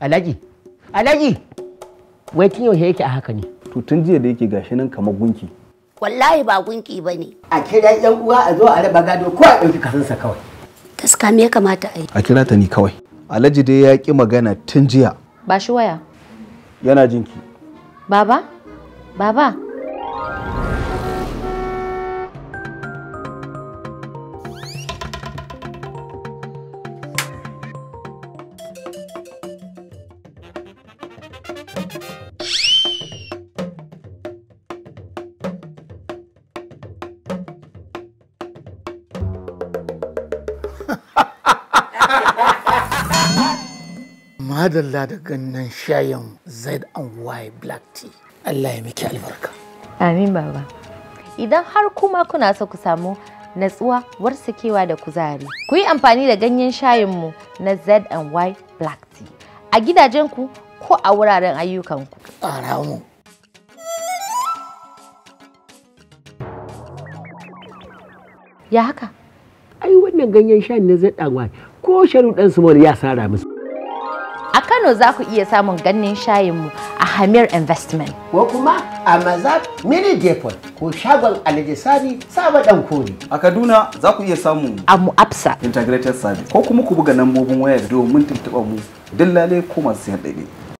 Alhaji, Alhaji, wai tun yaushe yake a haka ne? To tun jiya da yake gashi nan kamar gunki. Wallahi ba gunki ba ne. A kira yan uwa a zo a raba gado ko a ɗauki kasansa kawai. Taska me ya kamata a yi? A kira ta ni kawai. Alhaji dai ya ƙi magana tun jiya. Ba shi waya. Yana jinki. Baba, baba, madalla da ganin shayin Z and Y black tea. Allah ya miki albarka. Amin baba. Idan har kuma kuna so ku samu natsuwa warsakewa da kuzari. Ku yi amfani da ganyen shayinmu na Z and Y black tea. A gidajenku ko a wuraren ayyukanku? Ƙara mu. Ya haka? Ai wannan ganyen shan ne zai ɗanwa ko sharuɗan su ya sara musu. A Kano za ku iya samun ganyen shayinmu a Hamir Investment. Ko kuma a Mazat Mini Depot ko shagon Alhaji Sani Saba Dan Kori. A Kaduna za ku iya samun a Mu'absa Integrated Service ko kuma ku buga lambobin waya domin tuntuɓa mu dillale ko masu siyan ɗabi'a.